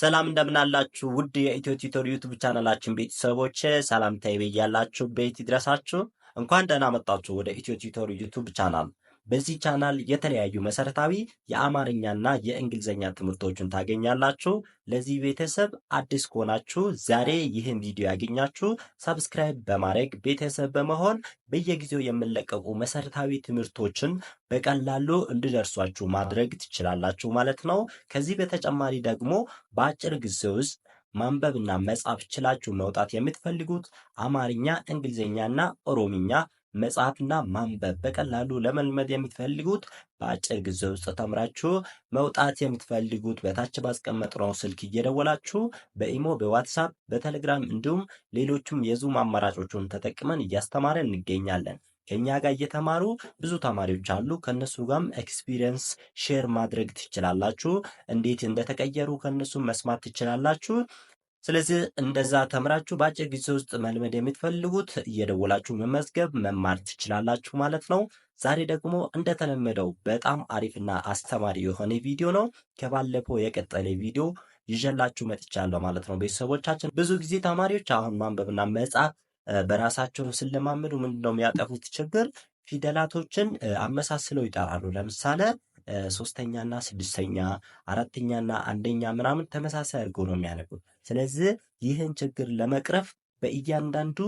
ሰላም እንደምናላችሁ ውድ የኢትዮ ቲቶር ዩቱብ ቻናላችን ቤተሰቦች፣ ሰላምታዬ ቤት ይድረሳችሁ። እንኳን ደህና መጣችሁ ወደ ኢትዮ ቲቶር ዩቱብ ቻናል። በዚህ ቻናል የተለያዩ መሰረታዊ የአማርኛና የእንግሊዝኛ ትምህርቶችን ታገኛላችሁ። ለዚህ ቤተሰብ አዲስ ከሆናችሁ ዛሬ ይህን ቪዲዮ ያገኛችሁ ሰብስክራይብ በማድረግ ቤተሰብ በመሆን በየጊዜው የምንለቀቁ መሰረታዊ ትምህርቶችን በቀላሉ እንዲደርሷችሁ ማድረግ ትችላላችሁ ማለት ነው። ከዚህ በተጨማሪ ደግሞ በአጭር ጊዜ ውስጥ ማንበብና መጻፍ ችላችሁ መውጣት የምትፈልጉት አማርኛ፣ እንግሊዝኛና ኦሮምኛ መጽሐፍና ማንበብ በቀላሉ ለመልመድ የምትፈልጉት በአጭር ጊዜ ውስጥ ተምራችሁ መውጣት የምትፈልጉት በታች ባስቀመጥነው ስልክ እየደወላችሁ በኢሞ፣ በዋትሳፕ፣ በቴሌግራም እንዲሁም ሌሎችም የዙም አማራጮቹን ተጠቅመን እያስተማረን እንገኛለን። ከኛ ጋር እየተማሩ ብዙ ተማሪዎች አሉ። ከነሱ ጋርም ኤክስፒሪየንስ ሼር ማድረግ ትችላላችሁ። እንዴት እንደተቀየሩ ከነሱ መስማት ትችላላችሁ። ስለዚህ እንደዛ ተምራችሁ በአጭር ጊዜ ውስጥ መልመድ የምትፈልጉት እየደወላችሁ መመዝገብ መማር ትችላላችሁ ማለት ነው። ዛሬ ደግሞ እንደተለመደው በጣም አሪፍና አስተማሪ የሆነ ቪዲዮ ነው። ከባለፈው የቀጠለ ቪዲዮ ይዤላችሁ መጥቻለሁ ማለት ነው። ቤተሰቦቻችን ብዙ ጊዜ ተማሪዎች አሁን ማንበብና መጻፍ በራሳቸው ስለማመዱ ምንድነው የሚያጠፉት ችግር ፊደላቶችን አመሳስለው ይጠራሉ። ለምሳሌ ሶስተኛና ስድስተኛ፣ አራተኛና አንደኛ ምናምን ተመሳሳይ አድርገው ነው የሚያነቡት። ስለዚህ ይህን ችግር ለመቅረፍ በእያንዳንዱ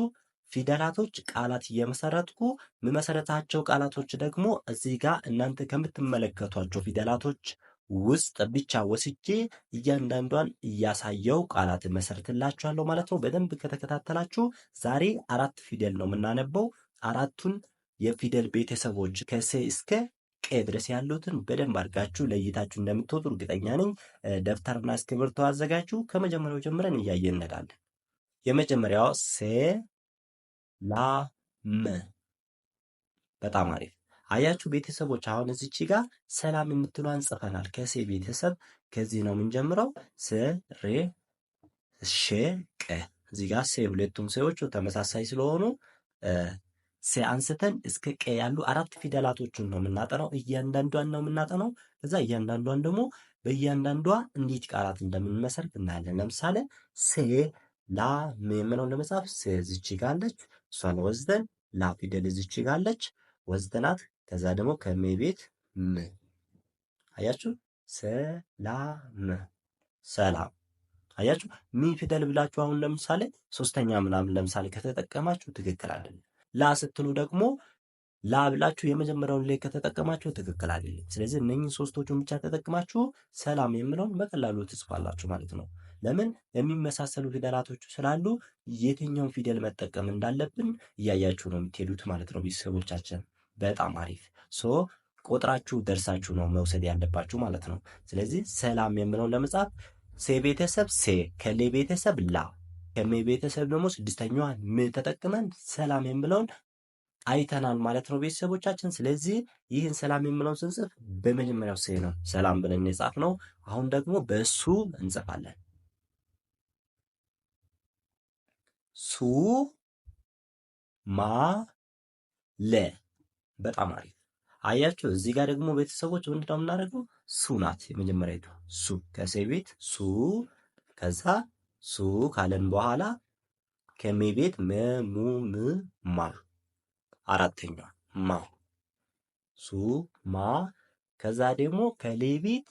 ፊደላቶች ቃላት እየመሰረትኩ የምመሰረታቸው ቃላቶች ደግሞ እዚህ ጋር እናንተ ከምትመለከቷቸው ፊደላቶች ውስጥ ብቻ ወስጄ እያንዳንዷን እያሳየው ቃላት መሰረትላችኋለሁ ማለት ነው። በደንብ ከተከታተላችሁ ዛሬ አራት ፊደል ነው የምናነበው። አራቱን የፊደል ቤተሰቦች ከሴ እስከ ቀይ ድረስ ያሉትን በደንብ አድርጋችሁ ለይታችሁ እንደምትወጡ እርግጠኛ ነኝ። ደብተርና እስክሪብቶ አዘጋጁ። ከመጀመሪያው ጀምረን እያየን እንሄዳለን። የመጀመሪያው ሰላም። በጣም አሪፍ አያችሁ ቤተሰቦች። አሁን እዚች ጋር ሰላም የምትሏን ጽፈናል። ከሴ ቤተሰብ ከዚህ ነው የምንጀምረው። ሼ ቀ እዚህ ጋር ሴ ሁለቱም ሴዎቹ ተመሳሳይ ስለሆኑ አንስተን እስከ ቀ ያሉ አራት ፊደላቶችን ነው የምናጠናው። እያንዳንዷን ነው የምናጠናው። ከዛ እያንዳንዷን ደግሞ በእያንዳንዷ እንዴት ቃላት እንደምንመሰርት እናያለን። ለምሳሌ ሴ ላ ም የምለውን ለመጻፍ ሴ ዝች ጋለች፣ እሷን ወዝደን ላ ፊደል ዝች ጋለች፣ ወዝደናት ከዛ ደግሞ ከሜ ቤት ም አያችሁ፣ ሰላም ሰላም አያችሁ። ሚ ፊደል ብላችሁ አሁን ለምሳሌ ሶስተኛ ምናምን ለምሳሌ ከተጠቀማችሁ ትክክል አይደለም። ላ ስትሉ ደግሞ ላ ብላችሁ የመጀመሪያውን ላይ ከተጠቀማችሁ ትክክል አይደለም። ስለዚህ እነኝን ሶስቶቹን ብቻ ተጠቅማችሁ ሰላም የምለውን በቀላሉ ትጽፋላችሁ ማለት ነው። ለምን የሚመሳሰሉ ፊደላቶቹ ስላሉ የትኛውን ፊደል መጠቀም እንዳለብን እያያችሁ ነው የምትሄዱት ማለት ነው። ቤተሰቦቻችን በጣም አሪፍ ሶ ቆጥራችሁ ደርሳችሁ ነው መውሰድ ያለባችሁ ማለት ነው። ስለዚህ ሰላም የምለውን ለመጻፍ ሴ ቤተሰብ ሴ ከሌ ቤተሰብ ላ ቤተሰብ ደግሞ ስድስተኛዋን ም ተጠቅመን ሰላም የምለውን አይተናል ማለት ነው ቤተሰቦቻችን። ስለዚህ ይህን ሰላም የምለውን ስንጽፍ በመጀመሪያው ሴ ነው ሰላም ብለን የጻፍነው። አሁን ደግሞ በሱ እንጽፋለን። ሱ ማ ለ በጣም አሪፍ አያችሁ። እዚህ ጋር ደግሞ ቤተሰቦች ምንድነው የምናደርገው? ሱ ናት የመጀመሪያ ሱ ከሴ ቤት ሱ ከዛ ሱ ካለን በኋላ ከሜ ቤት መሙም ማ አራተኛ ማ ሱ ማ ከዛ ደግሞ ከሌ ቤት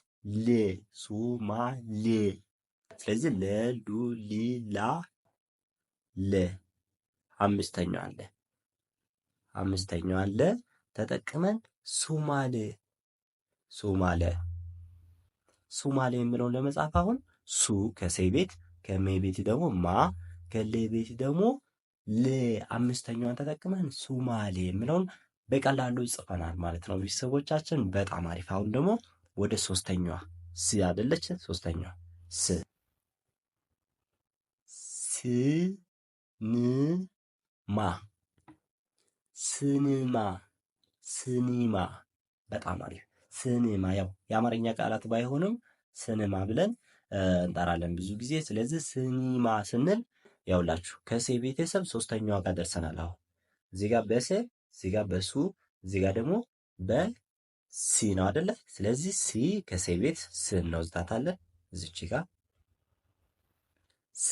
ል ሱ ማ ል ስለዚህ ለሉ ሊላ ለ አምስተኛዋ አለ አምስተኛዋ አለ ተጠቅመን ሱማለ ሱማለ ሱማለ የሚለውን ለመጻፍ አሁን ሱ ከሴ ቤት ከሜ ቤት ደግሞ ማ ከሌ ቤት ደግሞ ሌ አምስተኛዋን ተጠቅመን ሱማሌ የምለውን በቀላሉ ይጽፈናል ማለት ነው። ቤተሰቦቻችን በጣም አሪፍ። አሁን ደግሞ ወደ ሶስተኛዋ ስ አደለች። ሶስተኛዋ ስ ስንማ ስንማ ስኒማ በጣም አሪፍ። ስኒማ ያው የአማርኛ ቃላት ባይሆንም ስንማ ብለን እንጠራለን ብዙ ጊዜ። ስለዚህ ስኒማ ስንል ያውላችሁ ከሴ ቤተሰብ ሶስተኛዋ ጋር ደርሰናል። አሁን እዚህ ጋር በሴ እዚህ ጋር በሱ እዚህ ጋር ደግሞ በሲ ነው አደለ? ስለዚህ ሲ ከሴ ቤት ስ እናወዝታታለን እዚች ጋ ሲ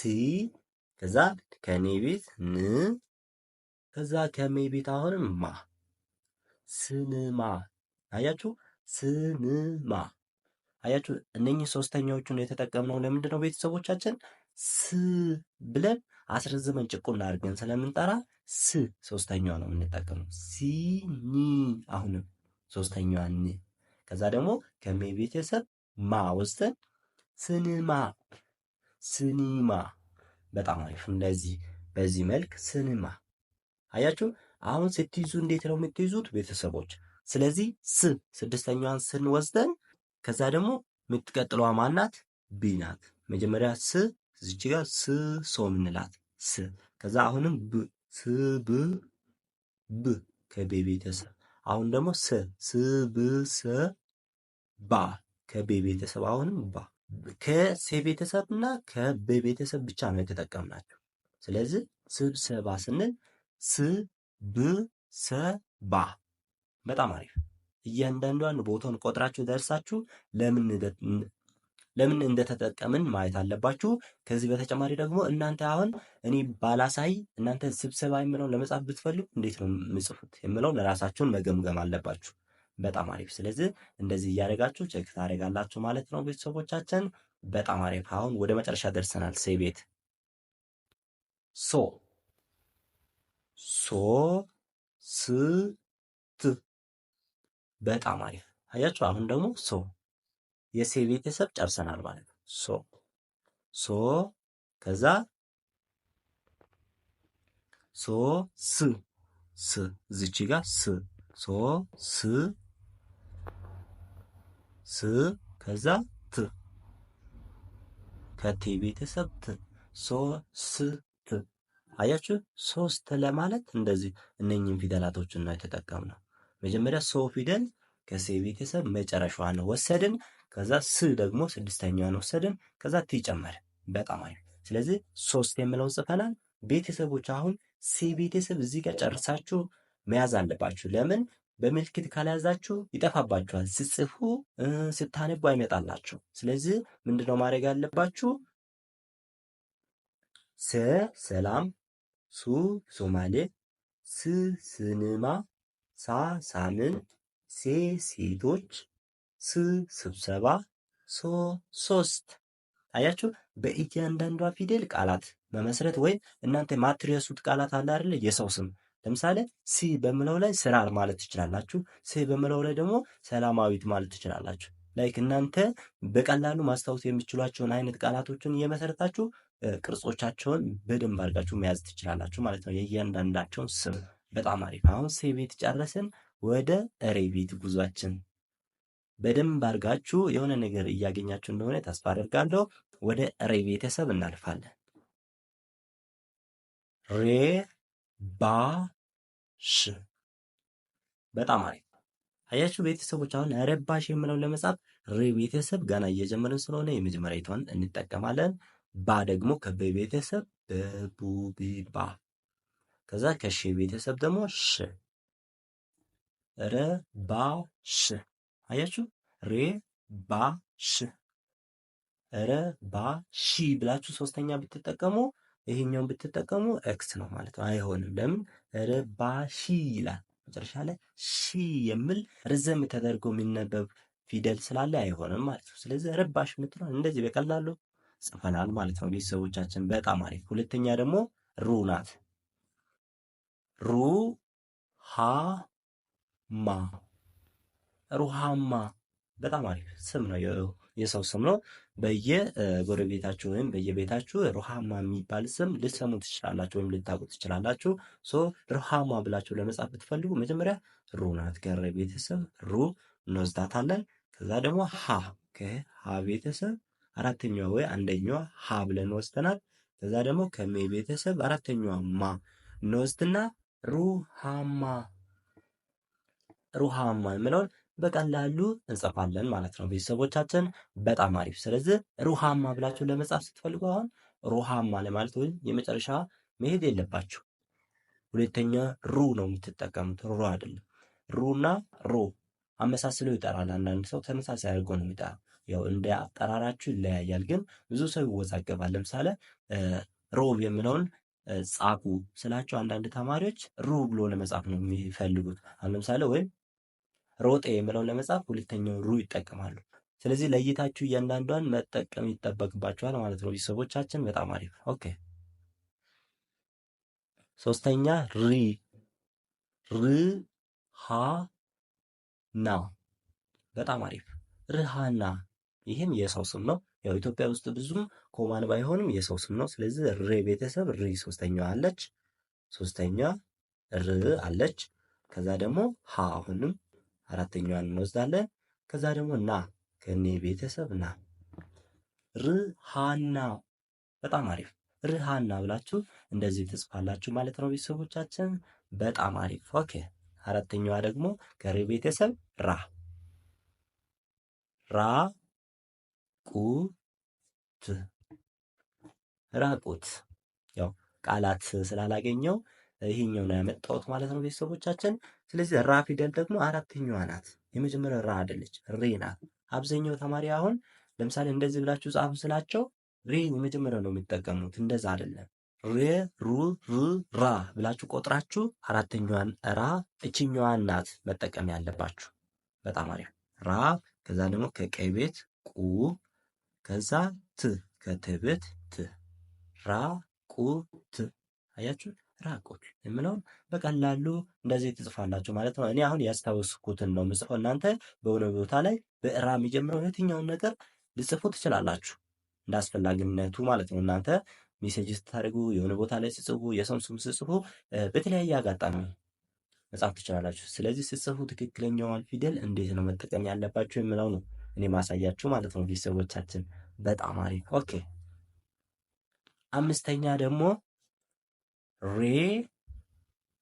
ከዛ ከኔ ቤት ን ከዛ ከሜ ቤት አሁንም ማ ስንማ አያችሁ ስንማ አያችሁ እነኚህ ሶስተኛዎቹን የተጠቀምነው ለምንድነው? ቤተሰቦቻችን ስ ብለን አስረዝመን ጭቁና አድርገን ስለምንጠራ ስ ሶስተኛዋ ነው የምንጠቀመው። ሲኒ አሁንም ሶስተኛዋ ን ከዛ ደግሞ ከሜ ቤተሰብ ማ ወስደን ስንማ ስኒማ። በጣም አሪፍ። እንደዚህ በዚህ መልክ ስንማ። አያችሁ አሁን ስትይዙ እንዴት ነው የምትይዙት ቤተሰቦች? ስለዚህ ስ ስድስተኛዋን ስንወስደን ከዛ ደግሞ የምትቀጥለዋ ማናት? ቢ ናት። መጀመሪያ ስ እዚች ጋር ስ ሶ ምንላት ስ ከዛ አሁንም ብ ስ ብ ብ ከቤ ቤተሰብ አሁን ደግሞ ስ ስ ብ ሰ ባ ከቤ ቤተሰብ አሁንም ባ ከሴ ቤተሰብ እና ከቤ ቤተሰብ ብቻ ነው የተጠቀምናቸው። ስለዚህ ስብሰባ ስንል ስ ብ ሰ ባ በጣም አሪፍ እያንዳንዷን ቦታውን ቆጥራችሁ ደርሳችሁ ለምን ለምን እንደተጠቀምን ማየት አለባችሁ። ከዚህ በተጨማሪ ደግሞ እናንተ አሁን እኔ ባላሳይ እናንተ ስብሰባ የምለውን ለመጻፍ ብትፈልጉ እንዴት ነው የምጽፉት የምለው ለራሳችሁን መገምገም አለባችሁ። በጣም አሪፍ። ስለዚህ እንደዚህ እያደረጋችሁ ቼክ ታደርጋላችሁ ማለት ነው ቤተሰቦቻችን። በጣም አሪፍ። አሁን ወደ መጨረሻ ደርሰናል። ሴ ቤት ሶ ሶ ስ ት በጣም አሪፍ አያችሁ። አሁን ደግሞ ሶ የሴ ቤተሰብ ጨርሰናል ማለት ነው። ሶ ሶ ከዛ ሶ ስ ስ እዚች ጋር ስ ሶ ስ ስ ከዛ ት ከቴ ቤተሰብ ት ሶ ስ ት አያችሁ። ሶስት ለማለት እንደዚህ እነኝህን ፊደላቶችን ነው የተጠቀምነው። መጀመሪያ ሶ ፊደል ከሴ ቤተሰብ መጨረሻዋን ወሰድን። ከዛ ስ ደግሞ ስድስተኛዋን ወሰድን። ከዛ ቲ ጨመርን። በጣም አሪፍ። ስለዚህ ሶስት የምለውን ጽፈናል። ቤተሰቦች አሁን ሴ ቤተሰብ እዚህ ጋር ጨርሳችሁ መያዝ አለባችሁ። ለምን በምልክት ካልያዛችሁ ይጠፋባችኋል። ስጽፉ ስታነቡ አይመጣላችሁ። ስለዚህ ምንድነው ማድረግ ያለባችሁ? ሰ ሰላም፣ ሱ ሶማሌ፣ ስ ስንማ ሳ ሳምንት ሴ ሴቶች ስ ስብሰባ ሶ ሶስት አያችሁ በእያንዳንዷ ፊደል ቃላት መመስረት ወይም እናንተ የማትረሱት ቃላት አለ አይደለ የሰው ስም ለምሳሌ ሲ በምለው ላይ ስራ ማለት ትችላላችሁ ሴ በምለው ላይ ደግሞ ሰላማዊት ማለት ትችላላችሁ ላይክ እናንተ በቀላሉ ማስታወስ የሚችሏቸውን አይነት ቃላቶችን እየመሰረታችሁ ቅርጾቻቸውን በደንብ አድርጋችሁ መያዝ ትችላላችሁ ማለት ነው የእያንዳንዳቸውን ስም በጣም አሪፍ። አሁን ሴ ቤት ጨረስን። ወደ ሬ ቤት ጉዟችን በደንብ አድርጋችሁ የሆነ ነገር እያገኛችሁ እንደሆነ ተስፋ አደርጋለሁ። ወደ ሬ ቤተሰብ እናልፋለን። ሬ ባ ሽ በጣም አሪፍ አያችሁ ቤተሰቦች። አሁን ረባሽ የምለውን ለመጻፍ ሬ ቤተሰብ ገና እየጀመርን ስለሆነ የመጀመሪያቷን እንጠቀማለን። ባ ደግሞ ቤተሰብ በቡቢባ ከዛ ከሺ ቤተሰብ ደግሞ ሽ ረ ባ ሽ አያችሁ ሬ ባ ሽ ረ ባ ሺ ብላችሁ ሶስተኛ ብትጠቀሙ ይሄኛውን ብትጠቀሙ ኤክስ ነው ማለት ነው። አይሆንም። ለምን ረ ባ ሺ ይላል መጨረሻ ላይ ሺ የሚል ርዘም ተደርጎ የሚነበብ ፊደል ስላለ አይሆንም ማለት ነው። ስለዚህ ረባሽ የምትለውን እንደዚህ በቀላሉ ጽፈናል ማለት ነው። ቤተሰቦቻችን በጣም አሪፍ። ሁለተኛ ደግሞ ሩ ናት። ሩሃማ ሩሃማ በጣም አሪፍ ስም ነው። የሰው ስም ነው። በየጎረቤታችሁ ወይም በየቤታችሁ ሩሃማ የሚባል ስም ልትሰሙ ትችላላችሁ ወይም ልታውቁ ትችላላችሁ። ሶ ሩሃማ ብላችሁ ለመጻፍ ብትፈልጉ መጀመሪያ ሩ ናት ቤተሰብ ሩ እንወስዳታለን። ከዛ ደግሞ ሀ ከሀ ቤተሰብ አራተኛዋ ወይ አንደኛዋ ሀ ብለን ወስደናል። ከዛ ደግሞ ከሜ ቤተሰብ አራተኛዋ ማ እንወስድና ሩሃማ ሩሃማ የምለውን በቀላሉ እንጽፋለን ማለት ነው። ቤተሰቦቻችን በጣም አሪፍ። ስለዚህ ሩሃማ ብላችሁ ለመጻፍ ስትፈልጉ አሁን ሩሃማ ለማለት ወይም የመጨረሻ መሄድ የለባችሁ። ሁለተኛ ሩ ነው የምትጠቀሙት፣ ሩ አይደለም። ሩና ሮ አመሳስሎ ይጠራል። አንዳንድ ሰው ተመሳሳይ አድርጎ ነው የሚጠራ። ያው እንደ አጠራራችሁ ይለያያል፣ ግን ብዙ ሰው ይወዛገባል። ለምሳሌ ሮብ የምለውን ጻፉ ስላቸው አንዳንድ ተማሪዎች ሩ ብሎ ለመጻፍ ነው የሚፈልጉት። አሁን ለምሳሌ ወይም ሮጤ የሚለውን ለመጻፍ ሁለተኛውን ሩ ይጠቀማሉ። ስለዚህ ለይታችሁ እያንዳንዷን መጠቀም ይጠበቅባችኋል ማለት ነው። ቤተሰቦቻችን በጣም አሪፍ ኦኬ። ሶስተኛ ሪ ር ሀ ና በጣም አሪፍ ርሃና፣ ይህም የሰው ስም ነው። ያው ኢትዮጵያ ውስጥ ብዙም ኮማን ባይሆንም የሰው ስም ነው። ስለዚህ ሬ ቤተሰብ ሪ ሶስተኛዋ አለች፣ ሶስተኛ ር አለች። ከዛ ደግሞ ሀ አሁንም አራተኛዋን እንወስዳለን። ከዛ ደግሞ ና ከኔ ቤተሰብ ና ርሃና በጣም አሪፍ ርሃና ብላችሁ እንደዚህ ትጽፋላችሁ ማለት ነው። ቤተሰቦቻችን በጣም አሪፍ ኦኬ። አራተኛዋ ደግሞ ከሪ ቤተሰብ ራ ራ ቁት ራቁት ያው ቃላት ስላላገኘው ይሄኛው ነው ያመጣሁት ማለት ነው ቤተሰቦቻችን። ስለዚህ ራ ፊደል ደግሞ አራተኛዋ ናት። የመጀመሪያው ራ አይደለች ሬ ናት። አብዛኛው ተማሪ አሁን ለምሳሌ እንደዚህ ብላችሁ ጻፉ ስላቸው ሬ የመጀመሪያው ነው የሚጠቀሙት። እንደዛ አይደለም። ሬ ሩ ር ራ ብላችሁ ቆጥራችሁ አራተኛዋን ራ እችኛዋን ናት መጠቀም ያለባችሁ። በጣም አሪፍ ራ። ከዛ ደግሞ ከቀይ ቤት ቁ ከዛ ት ከትብት ት ራቁት አያችሁ፣ ራቁት የምለውን በቀላሉ እንደዚህ ትጽፋላችሁ ማለት ነው። እኔ አሁን ያስታወስኩትን ነው ምጽፈው። እናንተ በሆነ ቦታ ላይ በራ የሚጀምረው የትኛውን ነገር ልጽፉ ትችላላችሁ፣ እንደ አስፈላጊነቱ ማለት ነው። እናንተ ሜሴጅ ስታደርጉ፣ የሆነ ቦታ ላይ ስጽፉ፣ የሰምሱም ስም ስጽፉ፣ በተለያየ አጋጣሚ መጻፍ ትችላላችሁ። ስለዚህ ስጽፉ ትክክለኛዋን ፊደል እንዴት ነው መጠቀም ያለባችሁ የምለው ነው። እኔ ማሳያችሁ ማለት ነው ቤተሰቦቻችን። በጣም አሪፍ ኦኬ። አምስተኛ ደግሞ ሬ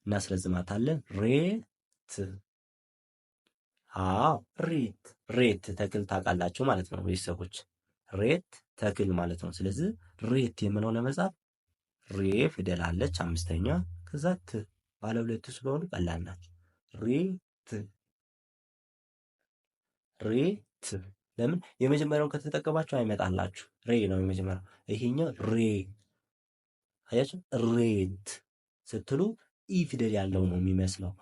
እናስረዝማታለን። ሬት አዎ፣ ሬት ሬት ተክል ታውቃላችሁ ማለት ነው ቤተሰቦች። ሬት ተክል ማለት ነው። ስለዚህ ሬት የምለው ለመጻፍ ሬ ፊደል አለች አምስተኛ፣ ከዛ ት ባለ ሁለቱ ስለሆኑ ቀላል ሬት ሬ አትብ ለምን የመጀመሪያውን ከተጠቀማችሁ አይመጣላችሁ። ሬ ነው የመጀመሪያው። ይሄኛው ሬ አያችሁ፣ ሬት ስትሉ ኢ ፊደል ያለው ነው የሚመስለው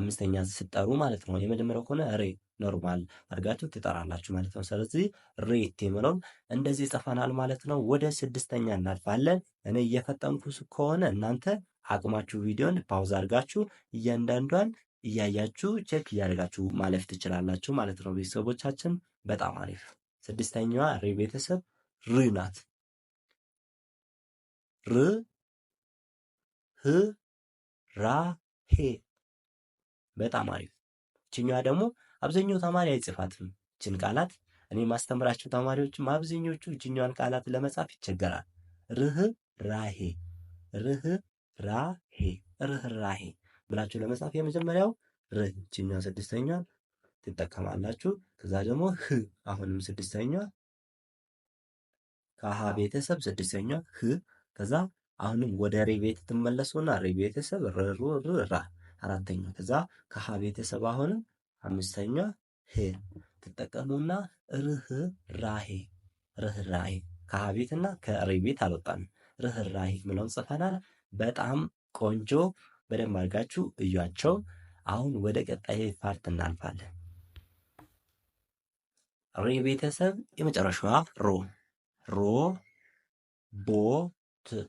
አምስተኛ ስትጠሩ ማለት ነው። የመጀመሪያው ከሆነ ሬ ኖርማል አድርጋችሁ ትጠራላችሁ ማለት ነው። ስለዚህ ሬት የምለውን እንደዚህ ይጽፈናል ማለት ነው። ወደ ስድስተኛ እናልፋለን። እኔ እየፈጠንኩ ከሆነ እናንተ አቅማችሁ ቪዲዮን ፓውዝ አድርጋችሁ እያንዳንዷን እያያችሁ ቼክ እያደርጋችሁ ማለፍ ትችላላችሁ ማለት ነው ቤተሰቦቻችን በጣም አሪፍ። ስድስተኛዋ ሪ ቤተሰብ ር ናት። ር ህ ራ ሄ በጣም አሪፍ። ይችኛዋ ደግሞ አብዛኛው ተማሪ አይጽፋትም ይችን ቃላት። እኔ የማስተምራቸው ተማሪዎችም አብዛኞቹ እችኛዋን ቃላት ለመጻፍ ይቸገራል። ርህ ራሄ ርህ ራሄ ርህ ራሄ ብላችሁ ለመጻፍ የመጀመሪያው ርህ ይችኛዋ ስድስተኛዋን ትጠቀማላችሁ። ከዛ ደግሞ ህ አሁንም ስድስተኛ ከሀ ቤተሰብ ስድስተኛ ህ ከዛ አሁንም ወደ ሬ ቤት ትመለሱና ሬ ቤተሰብ ራ አራተኛ ከዛ ከሀ ቤተሰብ አሁንም አምስተኛ ህ ትጠቀሙና ርህ ራሄ ርህራሄ ከሀ ቤትና ከሬ ቤት አልወጣንም። ርህራሄ ምለውን ጽፈናል። በጣም ቆንጆ በደንብ አድርጋችሁ እያቸው። አሁን ወደ ቀጣይ ፓርት እናልፋለን። ሬ ቤተሰብ የመጨረሻዋ ሮ ሮ ቦ ት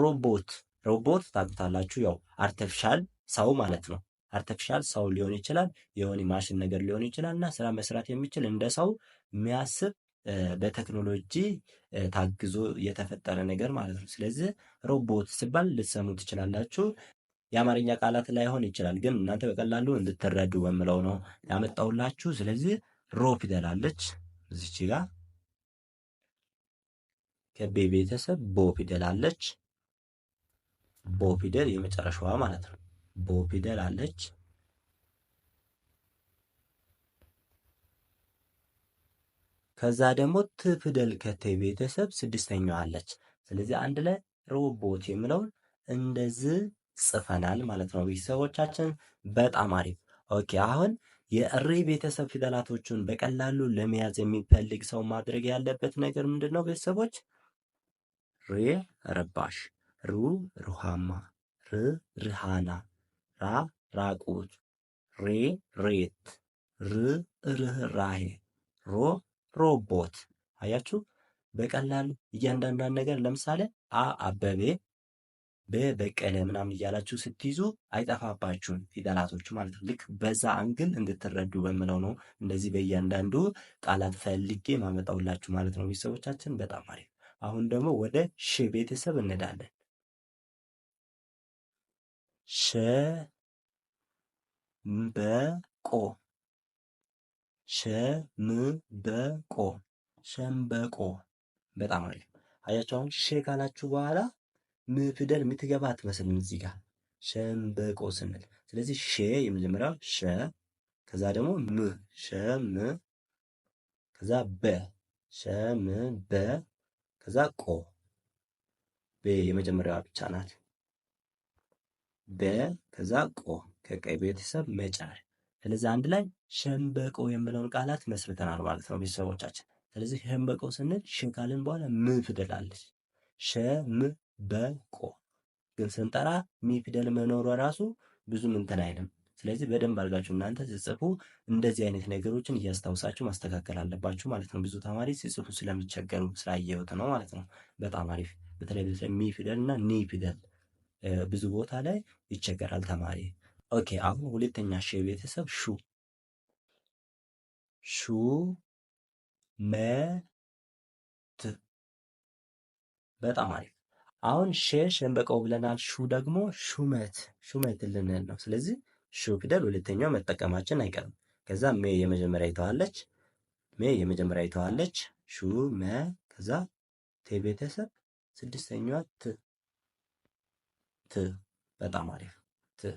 ሮቦት ሮቦት ታውቁታላችሁ። ያው አርተፊሻል ሰው ማለት ነው። አርተፊሻል ሰው ሊሆን ይችላል፣ የሆነ ማሽን ነገር ሊሆን ይችላል እና ስራ መስራት የሚችል እንደ ሰው የሚያስብ በቴክኖሎጂ ታግዞ የተፈጠረ ነገር ማለት ነው። ስለዚህ ሮቦት ሲባል ልትሰሙ ትችላላችሁ። የአማርኛ ቃላት ላይሆን ይችላል፣ ግን እናንተ በቀላሉ እንድትረዱ በምለው ነው ያመጣውላችሁ። ስለዚህ ሮ ፊደል አለች እዚች ጋ ከቤ ቤተሰብ ቦ ፊደል አለች። ቦ ፊደል የመጨረሻዋ ማለት ነው። ቦ ፊደል አለች። ከዛ ደግሞ ት ፊደል ከቴ ቤተሰብ ስድስተኛዋ አለች። ስለዚህ አንድ ላይ ሮቦት የምለው እንደዚህ ጽፈናል ማለት ነው። ቤተሰቦቻችን በጣም አሪፍ ኦኬ አሁን የሪ ቤተሰብ ፊደላቶቹን በቀላሉ ለመያዝ የሚፈልግ ሰው ማድረግ ያለበት ነገር ምንድን ነው? ቤተሰቦች ሬ ረባሽ፣ ሩ ሩሃማ፣ ር ርሃና፣ ራ ራቁት፣ ሬ ሬት፣ ር ርህራሄ፣ ሮ ሮቦት። አያችሁ በቀላሉ እያንዳንዷን ነገር ለምሳሌ አ አበቤ በበቀለ ምናምን እያላችሁ ስትይዙ አይጠፋባችሁም ፊደላቶቹ ማለት ነው። ልክ በዛ አንግል እንድትረዱ በምለው ነው እንደዚህ በእያንዳንዱ ቃላት ፈልጌ ማመጣውላችሁ ማለት ነው። ቤተሰቦቻችን በጣም አሪፍ። አሁን ደግሞ ወደ ሽ ቤተሰብ እንሄዳለን። በቆ ሸምበቆ ሸምበቆ በጣም አሪፍ አያችሁ። አሁን ሼ ካላችሁ በኋላ ም ፊደል የምትገባ አትመስልም እዚህ ጋር ሸምበቆ ስንል። ስለዚህ ሼ የመጀመሪያው ሸ፣ ከዛ ደግሞ ም ሸም፣ ከዛ በ ሸም በ፣ ከዛ ቆ ቤ የመጀመሪያዋ ብቻ ናት። በ ከዛ ቆ ከቀይ ቤተሰብ መጫር። ስለዚህ አንድ ላይ ሸምበቆ የምለውን ቃላት መስርተናል ማለት ነው ቤተሰቦቻችን። ስለዚህ ሸምበቆ ስንል ሽ ካልን በኋላ ም ፊደል አለች በቆ ግን ስንጠራ ሚ ፊደል መኖሯ ራሱ ብዙም እንትን አይልም። ስለዚህ በደንብ አድርጋችሁ እናንተ ሲጽፉ እንደዚህ አይነት ነገሮችን እያስታውሳችሁ ማስተካከል አለባችሁ ማለት ነው። ብዙ ተማሪ ሲጽፉ ስለሚቸገሩ ስላየሁት ነው ማለት ነው። በጣም አሪፍ። በተለይ ሚ ፊደል እና ኒ ፊደል ብዙ ቦታ ላይ ይቸገራል ተማሪ። ኦኬ አሁን ሁለተኛ ሺ ቤተሰብ ሹ ሹ መት በጣም አሪፍ አሁን ሼ ሸንበቀው ብለናል። ሹ ደግሞ ሹመት ሹመት ልንል ነው። ስለዚህ ሹ ፊደል ሁለተኛው መጠቀማችን አይቀርም። ከዛ ሜ የመጀመሪያ ይተዋለች፣ ሜ የመጀመሪያ ይተዋለች። ሹ መ ከዛ ቴ ቤተሰብ ስድስተኛዋ ት ት በጣም አሪፍ ት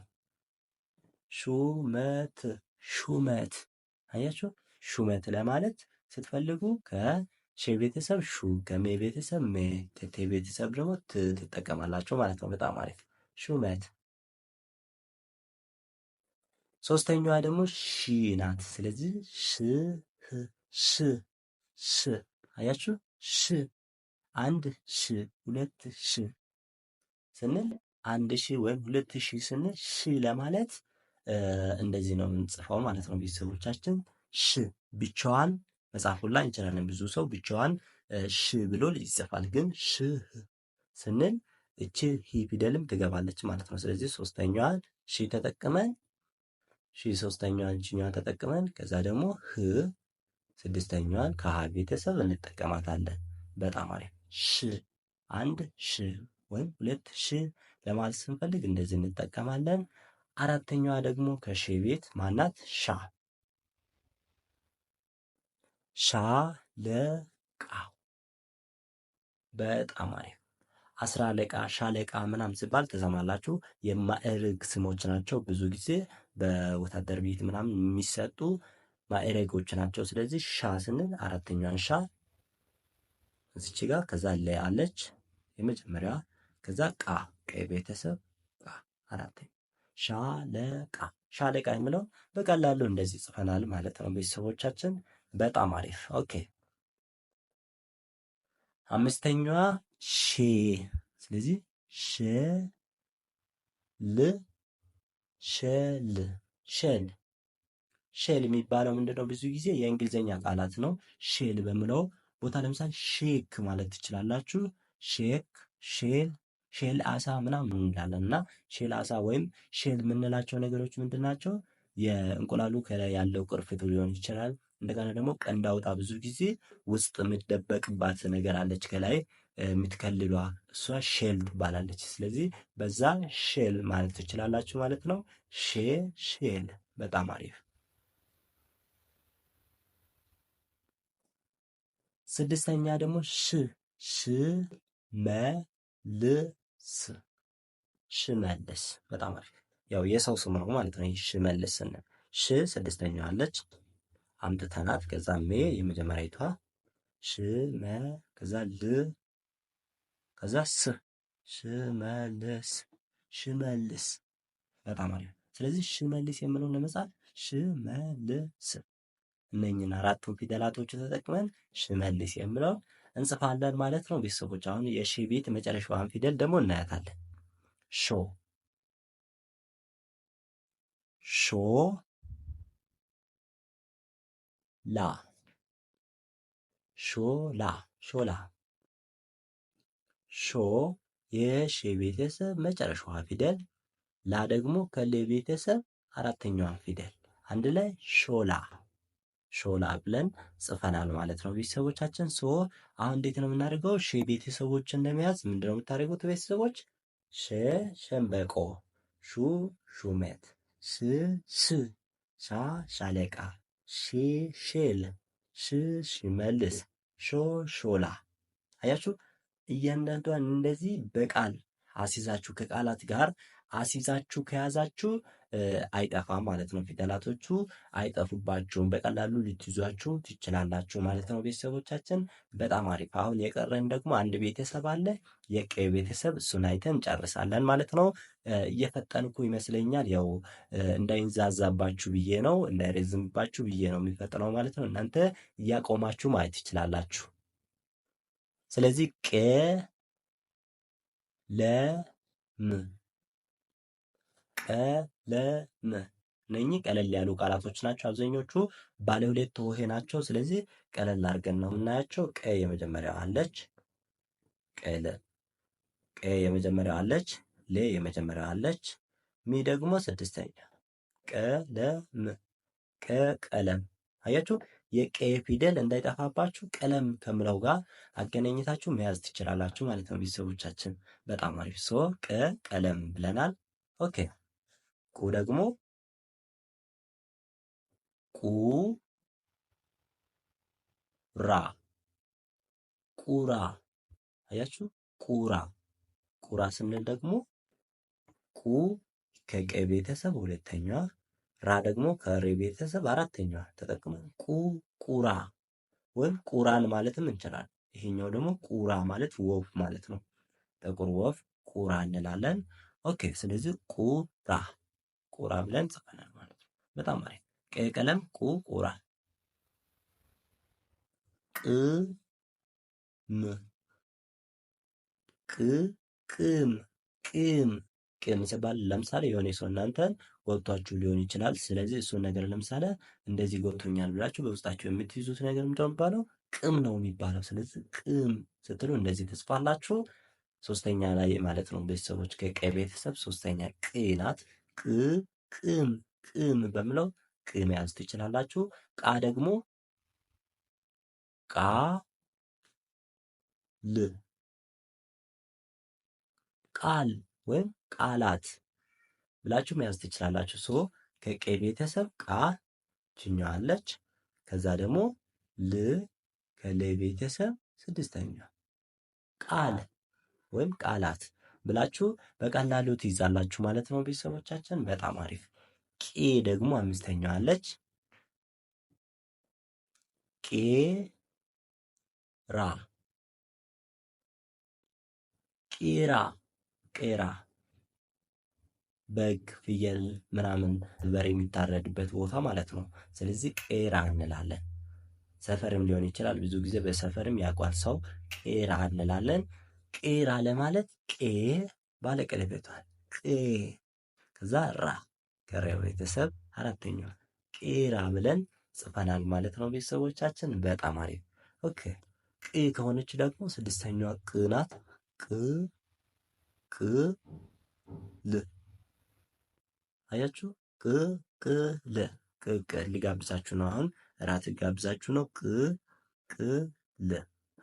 ሹመት ሹመት አያችሁ ሹመት ለማለት ስትፈልጉ ከ ሼ ቤተሰብ ሹ፣ ገሜ ቤተሰብ ሜ፣ ቴቴ ቤተሰብ ደግሞ ት ትጠቀማላቸው ማለት ነው። በጣም አሪፍ ሹመት። ሶስተኛዋ ደግሞ ሺ ናት። ስለዚህ ሽ ሽ ሽ አያችሁ፣ ሽ አንድ ሽ ሁለት ሽ ስንል አንድ ሺ ወይም ሁለት ሺ ስንል ሺ ለማለት እንደዚህ ነው የምንጽፈው ማለት ነው። ቤተሰቦቻችን ሽ ብቻዋን መጻፉላ ሁላ እንችላለን። ብዙ ሰው ብቻዋን ሽ ብሎ ይጽፋል። ግን ሽህ ስንል እቺ ሂ ፊደልም ትገባለች ማለት ነው። ስለዚህ ሶስተኛዋን ሺ ተጠቅመን ሺ ሶስተኛዋን ሺኛዋን ተጠቅመን ከዛ ደግሞ ህ ስድስተኛዋን ከሀ ቤተሰብ እንጠቀማታለን። በጣም አሪፍ ሽ አንድ ሽ ወይም ሁለት ሽ ለማለት ስንፈልግ እንደዚህ እንጠቀማለን። አራተኛዋ ደግሞ ከሺ ቤት ማናት? ሻ ሻለቃው በጣም አሪፍ። አስራ አለቃ ሻለቃ ምናምን ሲባል ትሰማላችሁ። የማዕረግ ስሞች ናቸው። ብዙ ጊዜ በወታደር ቤት ምናምን የሚሰጡ ማዕረጎች ናቸው። ስለዚህ ሻ ስንል አራተኛዋን ሻ እዚች ጋር ከዛ ላይ አለች የመጀመሪያ ከዛ ቃ ቀይ ቤተሰብ ቃ አራተኛ ሻለቃ ሻለቃ የምለው በቀላሉ እንደዚህ ጽፈናል ማለት ነው ቤተሰቦቻችን። በጣም አሪፍ ኦኬ። አምስተኛዋ ሺ። ስለዚህ ሸ ል ሸል ሸል ሼል የሚባለው ምንድነው? ብዙ ጊዜ የእንግሊዝኛ ቃላት ነው። ሼል በምለው ቦታ ለምሳሌ ሼክ ማለት ትችላላችሁ። ሼክ፣ ሼል፣ ሼል አሳ ምናምን እንላለን እና ሼል አሳ ወይም ሼል የምንላቸው ነገሮች ምንድን ናቸው? የእንቁላሉ ከላይ ያለው ቅርፊቱ ሊሆን ይችላል። እንደገና ደግሞ ቀንድ አውጣ ብዙ ጊዜ ውስጥ የምትደበቅባት ነገር አለች ከላይ የምትከልሏ እሷ ሼል ትባላለች። ስለዚህ በዛ ሼል ማለት ትችላላችሁ ማለት ነው። ሼ ሼል በጣም አሪፍ። ስድስተኛ ደግሞ ሽ ሽ መልስ ሽመልስ በጣም አሪፍ። ያው የሰው ስም ነው ማለት ነው። ሽመልስን ሽ ስድስተኛዋ አለች። አምጥተናት ከዛ ሜ የመጀመሪያይቷ ሽመ ከዛ ል ከዛ ስ ሽመልስ ሽመልስ በጣም አሪፍ። ስለዚህ ሽመልስ የምለውን ለመጻፍ ሽመልስ እነኝን አራቱን ፊደላቶቹ ተጠቅመን ሽመልስ የምለው እንጽፋለን ማለት ነው። ቤተሰቦች አሁን የሺ ቤት መጨረሻዋን ፊደል ደግሞ እናያታለን። ሾ ሾ ላ ሾላ ሾላ ሾ የሽ የቤተሰብ መጨረሻዋ ፊደል ላ ደግሞ ከለ ቤተሰብ አራተኛዋ ፊደል አንድ ላይ ሾላ ሾላ ብለን ጽፈናል ማለት ነው። ቤተሰቦቻችን ሶ አሁን እንዴት ነው የምናደርገው? ሽ ቤተሰቦችን ምንድን ነው የምታደርጉት ቤተሰቦች? ሸ ሸምበቆ፣ ሹ ሹመት፣ ስ ስ ሻ ሻለቃ ሺ ሼሼል ሽ ሽመልስ ሾላ። አያችሁ እያንዳንዷን እንደዚህ በቃል አሲዛችሁ ከቃላት ጋር አሲዛችሁ ከያዛችሁ አይጠፋም ማለት ነው። ፊደላቶቹ አይጠፉባችሁም፣ በቀላሉ ልትይዟችሁ ትችላላችሁ ማለት ነው። ቤተሰቦቻችን በጣም አሪፍ። አሁን የቀረን ደግሞ አንድ ቤተሰብ አለ፣ የቀ ቤተሰብ። እሱን አይተን ጨርሳለን ማለት ነው። እየፈጠንኩ ይመስለኛል። ያው እንዳይንዛዛባችሁ ብዬ ነው፣ እንዳይረዝምባችሁ ብዬ ነው የሚፈጥነው ማለት ነው። እናንተ እያቆማችሁ ማየት ትችላላችሁ። ስለዚህ ቀ ለም ቀለም እነኚህ ቀለል ያሉ ቃላቶች ናቸው። አብዛኞቹ ባለ ሁለት ሆሄ ናቸው። ስለዚህ ቀለል አድርገን ነው የምናያቸው። ቀ የመጀመሪያው አለች፣ ቀለ ቀ የመጀመሪያው አለች፣ ሌ የመጀመሪያው አለች፣ ሚ ደግሞ ስድስተኛ። ቀለም ቀ ቀለም። አያችሁ የቀ ፊደል እንዳይጠፋባችሁ ቀለም ከምለው ጋር አገናኝታችሁ መያዝ ትችላላችሁ ማለት ነው። ቤተሰቦቻችን በጣም አሪፍ ሶ ቀ ቀለም ብለናል። ኦኬ ቁ ደግሞ ቁ ራ ቁራ አያችሁ። ቁራ ቁራ ስንል ደግሞ ቁ ከቀ ቤተሰብ ሁለተኛዋ ራ ደግሞ ከሬ ቤተሰብ አራተኛዋ ተጠቅመን ቁ ቁራ ወይም ቁራን ማለትም እንችላለን። ይሄኛው ደግሞ ቁራ ማለት ወፍ ማለት ነው። ጥቁር ወፍ ቁራ እንላለን። ኦኬ። ስለዚህ ቁራ ቁራ ብለን ጽፈናል ማለት ነው። በጣም አሪፍ። ቀይ ቀለም ቁ ቁራ ቅም ቅ ቅም ቅም ሲባል ለምሳሌ የሆነ ሰው እናንተን ወጥቷችሁ ሊሆን ይችላል። ስለዚህ እሱን ነገር ለምሳሌ እንደዚህ ጎብቶኛል ብላችሁ በውስጣችሁ የምትይዙት ነገር ምንድነው የሚባለው? ቅም ነው የሚባለው። ስለዚህ ቅም ስትሉ እንደዚህ ተጽፋላችሁ። ሶስተኛ ላይ ማለት ነው ቤተሰቦች ከቀ ቤተሰብ ሶስተኛ ቅ ናት። ቅ ቅም ቅም በምለው ቅ መያዝ ትችላላችሁ። ቃ ደግሞ ቃ ል ቃል ወይም ቃላት ብላችሁ መያዝ ትችላላችሁ። ሶ ከቄ ቤተሰብ ቃ ችኛዋ አለች። ከዛ ደግሞ ል ከሌ ቤተሰብ ስድስተኛ ቃል ወይም ቃላት ብላችሁ በቀላሉ ትይዛላችሁ ማለት ነው። ቤተሰቦቻችን በጣም አሪፍ። ቄ ደግሞ አምስተኛው አለች። ቄራ ቄራ ቄራ በግ ፍየል ምናምን በሬ የሚታረድበት ቦታ ማለት ነው። ስለዚህ ቄራ እንላለን። ሰፈርም ሊሆን ይችላል። ብዙ ጊዜ በሰፈርም ያውቋል ሰው ቄራ እንላለን። ቄራ ለማለት ቄ ባለ ቀለበቷል ቄ ከዛ ራ ከራ ቤተሰብ አራተኛው ቄራ ብለን ጽፈናል ማለት ነው። ቤተሰቦቻችን በጣም አሪፍ ኦኬ። ቅ ከሆነች ደግሞ ስድስተኛዋ ቅ ናት። ቅ ቅ ል አያችሁ። ቅ ቅ ል ቅ ቅ ሊጋብዛችሁ ነው። አሁን እራት ጋብዛችሁ ነው። ቅ ቅ ል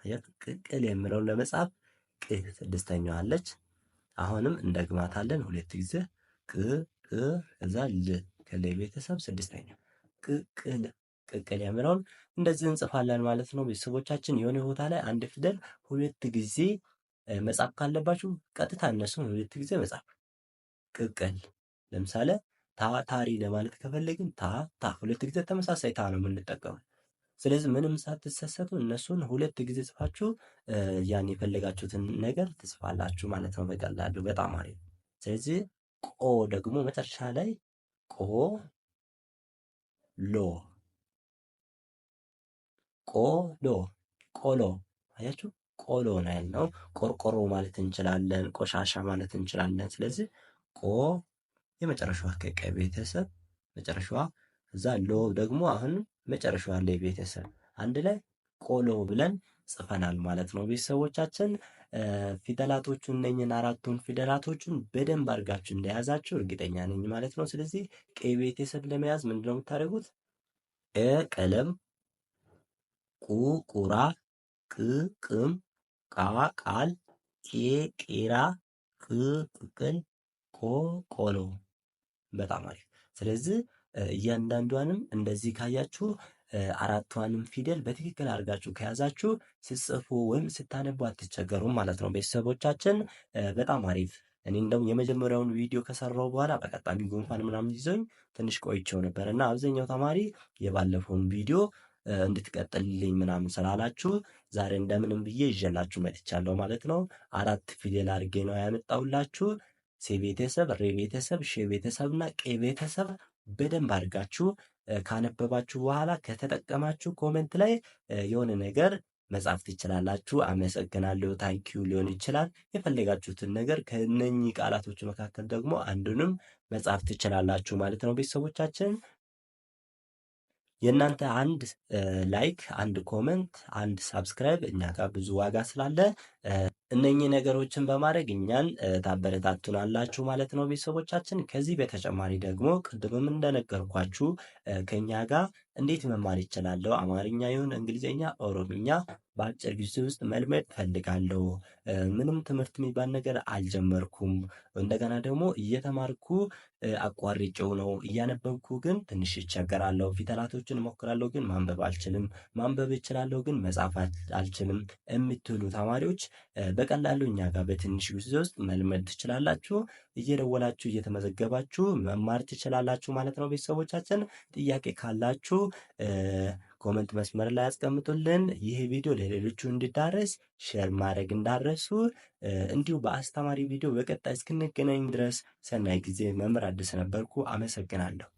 አያችሁ። ቅቅል የሚለውን ለመጻፍ ቅ ስድስተኛዋ አለች። አሁንም እንደግማታለን ሁለት ጊዜ ቅ ቅ ከዛ ል ከለ ቤተሰብ ስድስተኛ ቅቅል ቅቅል የምለውን እንደዚህ እንጽፋለን ማለት ነው። ቤተሰቦቻችን የሆነ ቦታ ላይ አንድ ፊደል ሁለት ጊዜ መጻፍ ካለባችሁ ቀጥታ እነሱን ሁለት ጊዜ መጻፍ ቅቅል። ለምሳሌ ታታሪ ለማለት ከፈለግን ታ ታ ሁለት ጊዜ ተመሳሳይ ታ ነው የምንጠቀመው። ስለዚህ ምንም ሳትሰሰቱ እነሱን ሁለት ጊዜ ጽፋችሁ ያን የፈለጋችሁትን ነገር ትጽፋላችሁ ማለት ነው በቀላሉ። በጣም አሪፍ። ስለዚህ ቆ ደግሞ መጨረሻ ላይ ቆ ሎ ቆሎ ቆሎ አያችሁ፣ ቆሎ ነው ያልነው። ቆርቆሮ ማለት እንችላለን፣ ቆሻሻ ማለት እንችላለን። ስለዚህ ቆ የመጨረሻዋ ከቀ ቤተሰብ መጨረሻዋ እዛ ሎ ደግሞ አሁንም መጨረሻዋ ላይ ቤተሰብ አንድ ላይ ቆሎ ብለን ጽፈናል ማለት ነው። ቤተሰቦቻችን ፊደላቶቹን እነኝን አራቱን ፊደላቶቹን በደንብ አድርጋችሁ እንደያዛችሁ እርግጠኛ ነኝ ማለት ነው። ስለዚህ ቀይ ቤተሰብ ለመያዝ ምንድነው የምታደርጉት? ኤ ቀለም፣ ቁ ቁራ፣ ቅ ቅም፣ ቃ ቃል፣ ቄ ቄራ፣ ቅ ቅል፣ ቆ ቆሎ። በጣም አሪፍ። ስለዚህ እያንዳንዷንም እንደዚህ ካያችሁ አራቷንም ፊደል በትክክል አድርጋችሁ ከያዛችሁ ስትጽፉ ወይም ስታነቡ አትቸገሩም ማለት ነው። ቤተሰቦቻችን በጣም አሪፍ። እኔ እንደውም የመጀመሪያውን ቪዲዮ ከሰራው በኋላ በቀጣሚ ጉንፋን ምናምን ይዞኝ ትንሽ ቆይቸው ነበር እና አብዛኛው ተማሪ የባለፈውን ቪዲዮ እንድትቀጥልልኝ ምናምን ስላላችሁ ዛሬ እንደምንም ብዬ ይዤላችሁ መጥቻለሁ ማለት ነው። አራት ፊደል አድርጌ ነው ያመጣውላችሁ። ሴ ቤተሰብ፣ ሬ ቤተሰብ፣ ሼ ቤተሰብ እና ቄ ቤተሰብ በደንብ አድርጋችሁ ካነበባችሁ በኋላ ከተጠቀማችሁ ኮሜንት ላይ የሆነ ነገር መጻፍ ትችላላችሁ። አመሰግናለሁ፣ ታንኪዩ ሊሆን ይችላል። የፈለጋችሁትን ነገር ከነኚህ ቃላቶች መካከል ደግሞ አንዱንም መጻፍ ትችላላችሁ ማለት ነው። ቤተሰቦቻችን የእናንተ አንድ ላይክ፣ አንድ ኮመንት፣ አንድ ሳብስክራይብ እኛ ጋር ብዙ ዋጋ ስላለ እነኚህ ነገሮችን በማድረግ እኛን ታበረታቱናላችሁ ማለት ነው ቤተሰቦቻችን። ከዚህ በተጨማሪ ደግሞ ቅድምም እንደነገርኳችሁ ከኛ ጋር እንዴት መማር ይችላለሁ? አማርኛ ይሁን እንግሊዝኛ፣ ኦሮምኛ በአጭር ጊዜ ውስጥ መልመድ ፈልጋለሁ። ምንም ትምህርት የሚባል ነገር አልጀመርኩም። እንደገና ደግሞ እየተማርኩ አቋርጬው ነው። እያነበብኩ ግን ትንሽ ይቸገራለሁ ፊደላቶችን እሞክራለሁ ግን ማንበብ አልችልም። ማንበብ እችላለሁ ግን መጻፍ አልችልም የምትሉ ተማሪዎች በቀላሉ እኛ ጋር በትንሽ ጊዜ ውስጥ መልመድ ትችላላችሁ። እየደወላችሁ እየተመዘገባችሁ መማር ትችላላችሁ ማለት ነው። ቤተሰቦቻችን ጥያቄ ካላችሁ ኮመንት መስመር ላይ ያስቀምጡልን። ይህ ቪዲዮ ለሌሎቹ እንዲዳረስ ሼር ማድረግ እንዳረሱ። እንዲሁ በአስተማሪ ቪዲዮ በቀጣይ እስክንገናኝ ድረስ ሰናይ ጊዜ። መምህር አዲስ ነበርኩ። አመሰግናለሁ።